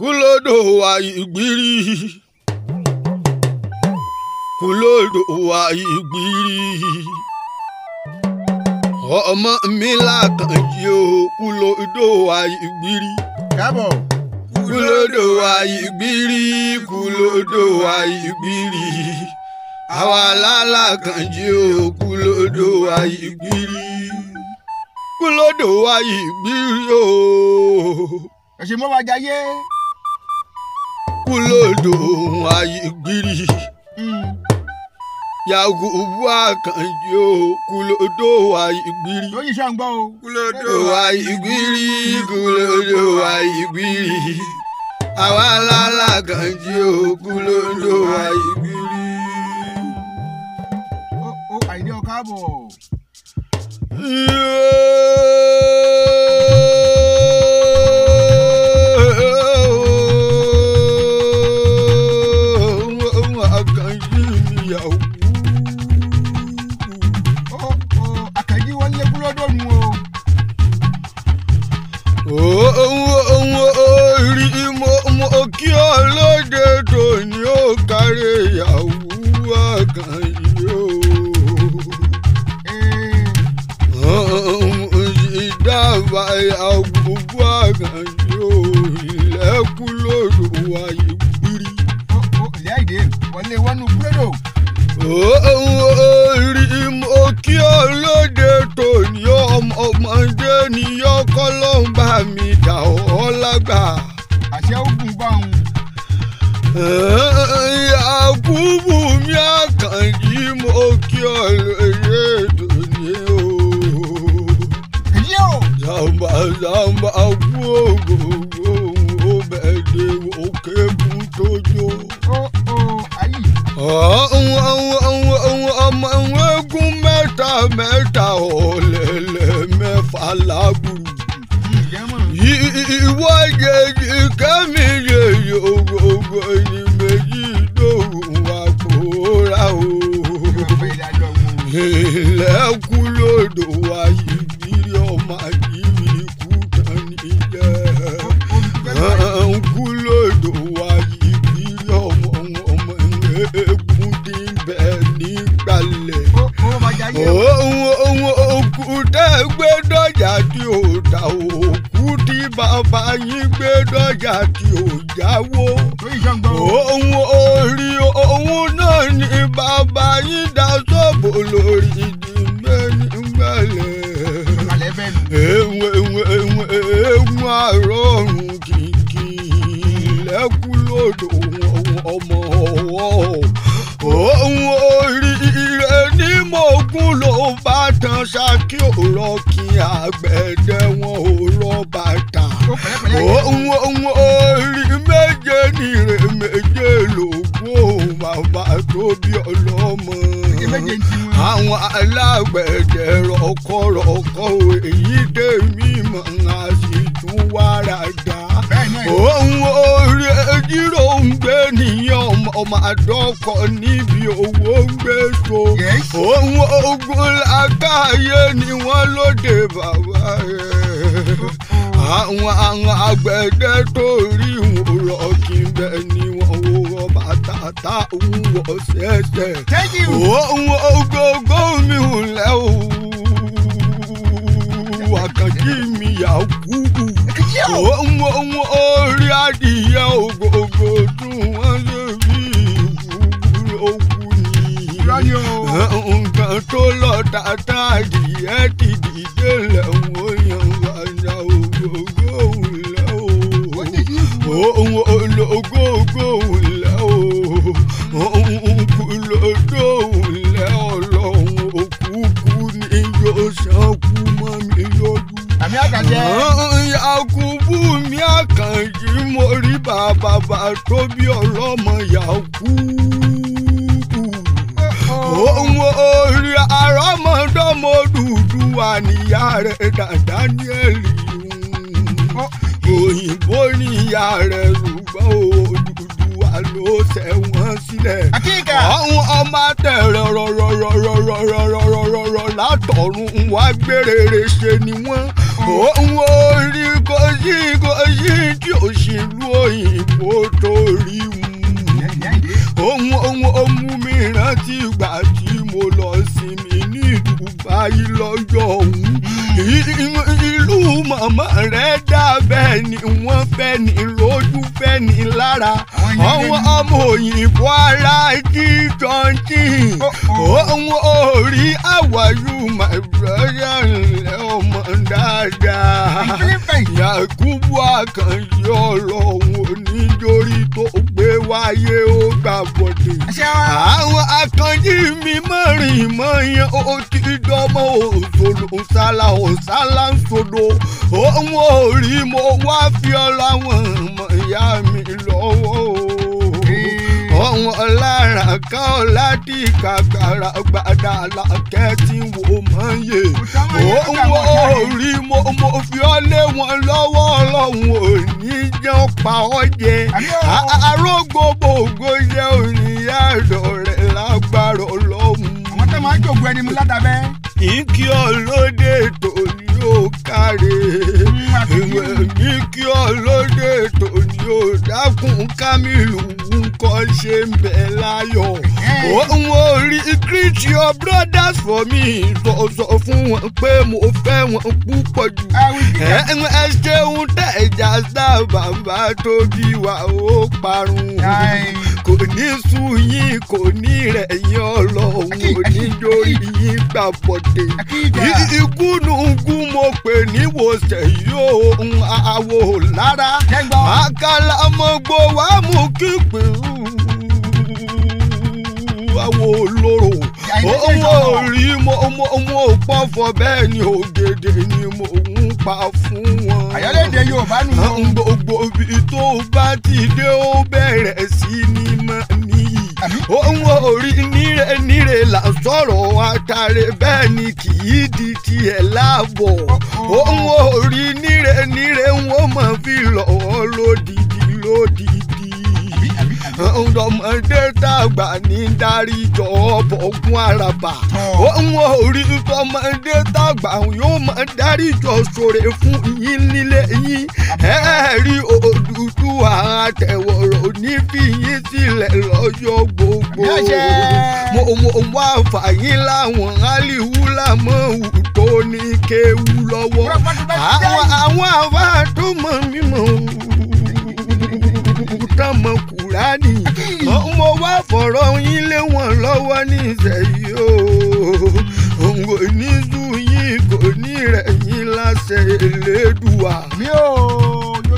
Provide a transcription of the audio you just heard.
kulodo wa igbiri kulodo wa igbiri ọmọ mi làkànjì o kulodo wa igbiri. kábọ̀. kulodo wa igbiri kulodo wa igbiri àwa lálàkànjì o kulodo wa igbiri kulodo wa igbiri o. ẹ̀sìn mọ́ wájà yé lódò ayé gbiri yakubu akanji o kulodo ayigbiri. lóyìn iṣẹ́ ń gbọ́ o. kulodo ayigbiri kulodo ayigbiri àwa lálá kanji o kulodo ayigbiri. ó ó àìdí ọkọ àbọ̀. kí ọlọ́dẹ tòní ó kárí ìyàwó àkànyí o. ìdábàá ìyàwó. Yakubu mi àkànjí mo kí ọ lóye dòní o. Zamba zamba kú ògògò ó bẹ̀rẹ̀ òkè mú tójó. Ọmọ egun mẹ́ta mẹ́ta ọ̀lẹ̀lẹ̀ mẹ́fà lágùrù. Ìwọ́jẹ̀ kẹ́mi. ohun ohun òkú tẹ́ gbé dọ́jà tí ò ta òkú tí bàbá yín gbé dọ́jà tí ò jáwó. ohun orí ohun náà ni bàbá yín dá sọ́bù lórí ìdílé nígbàlẹ̀. ewu ewu ewu ewu àrọ̀rùn kìkì lẹ́kú lọ́dọ̀ ọmọ ọwọ́. bàtàn ṣákí òrọ̀ kí àgbẹ̀dẹ wọn òrọ̀ bàtà òun orí méje nìrè méje lògùn bàbá tó bí ọlọ́mọ àwọn alágbẹ̀dẹ rọkọrọkọ èyí dé mímọ́ ọmọ àdọ́kọ̀ níbi owó ń gbé so. ohun ogun lágbàáyé ni wọ́n lóde bàbá rẹ̀. Oh. àwọn àwọn àgbẹ̀dẹ tó rí wọn lọ kí n bẹ ni wọ́n wọ bàtà tá òun wọ sẹ́sẹ̀. ohun ogogo mi ò lẹ́ o. wàkàtí mi kú. ohun ohun orí adìyẹ nǹkan tó lọ tata adìyẹ ti dìde lẹ́wọ̀n yẹn wájà ògógó òwúlẹ̀ o òun ológó ògó òwúlẹ̀ o òun kú lódó òwúlẹ̀ ọlọ́run òkúkú ni yóò ṣàn kú mọ́ mi lójú. àmì àkàjẹ́. Yakubu mi àkànjí mo rí bàbá bàbá tó bí ọlọ́mọ Yakubu òun orí àrọ́mọdọ́mọ Odùduwà níyà rẹ̀ Danieli òyìnbó níyà rẹ̀ ṣùgbọ́n Odùduwà ló ṣẹ̀wọ̀n sílẹ̀ ọ̀hún ọmọ tẹ̀rẹ̀ rọ̀rọ̀rọ̀rọ̀rọ̀rọ̀rọ̀ látọ̀run wá gbèrèrè ṣe ni wọ́n òun orí gòsì gòsì tí òṣèlú òyìnbó torí mu ohun ohun ohun mìíràn ti gbà báyìí lọ́yọ̀ ọ̀hún ìlú màmá rẹ̀ dá bẹ́ẹ̀ ni wọ́n bẹ́ẹ̀ ni lójú bẹ́ẹ̀ ni lára àwọn ọmọ òyìnbó ara jí tọ́ntín òun ò rí my màdúrà ńlẹ̀ ọmọ dáadáa Yakubu Àkànjí ọ̀rọ̀ òun ò ní jórí tó gbé wáyé ó gbà bọ̀dọ̀ akànjí mi mọ̀rìn mọ̀yàn ó ti dọ́mọ òṣòlò ṣàlà òṣàlà ń òun ò rí mo wá fi ọlọ àwọn ọmọ ìyá mi lọ́wọ́ ọ̀wọ́n lára ká ọ̀ láti kàkàrà gbàdá làkẹ́ tí wò máa ń òun ò rí mo mo fi ọ́ lé wọn lọ́wọ́ ọlọ́run ò ní jẹ́ ọ̀pá ọ̀jẹ̀ arógbó gbogbo jẹ́ òní yàrá gbogbo ẹni mú ládàbẹ́. ìkí ọlọ́dẹ tó yóò káre ìwẹ̀ mi ọlọ́dẹ tó yóò dákun Kamilu nǹkan ṣe ń bẹ láyọ̀ òun ò rí greet your brothers for me sọ̀sọ̀ fún wọn pé mo fẹ́ wọn púpọ̀ jù ẹ ṣeun tẹ̀ ẹ̀jà sábà bá tóbi wà ó parun ní sú yín kò ní rẹ̀ yín ọlọ́run oníjórí yín gbà bọ̀dẹ̀. ikú nùgún mo pè níwòsàn yóò ń àwò lára àkàlà mọ́gbó wa mú kíkpìrú àwò olóró owó orí mo mo mo pọ́fọ́ bẹ́ẹ̀ ni ògèdè ni mo ń pa fún wọn. àyọ̀lẹ́dẹ̀ Yorùbá nù. gbogbo ibi tó bá ti dé ó bẹ̀rẹ̀ sí ni m òun ò rí níre níre là ń sọ̀rọ̀ àtàrẹ bẹ́ẹ̀ ni kì í di tiẹ̀ láàbọ̀ òun ò rí níre níre ń wọ́n máa fi lọ́ọ́ lódìdí lódìdí ọ̀dọ́mọdé tàgbà ní dáríjọ bọ̀gún àràbà òun ò rí tọmọdé tàgbà yóò máa dáríjọ sòrè fún yín nílé yín ẹ̀ẹ́rì òdúdú àtẹ̀wọ̀rọ̀ ní fìyín sílẹ̀ lọ́yọ́ gbogbo mo mo wá fàyín láwọn aliwu làmọ́ wù tó ní kéwu lọ́wọ́ àwọn àwọn àbá tó mọ̀ mímọ̀ wù tán mọ kúránì mo wá fọ̀rọ̀ yín lé wọn lọ́wọ́ nísẹ̀yìí o òǹgò nízú yín kò ní rẹ̀ yín láṣẹ Elédùà. mi ò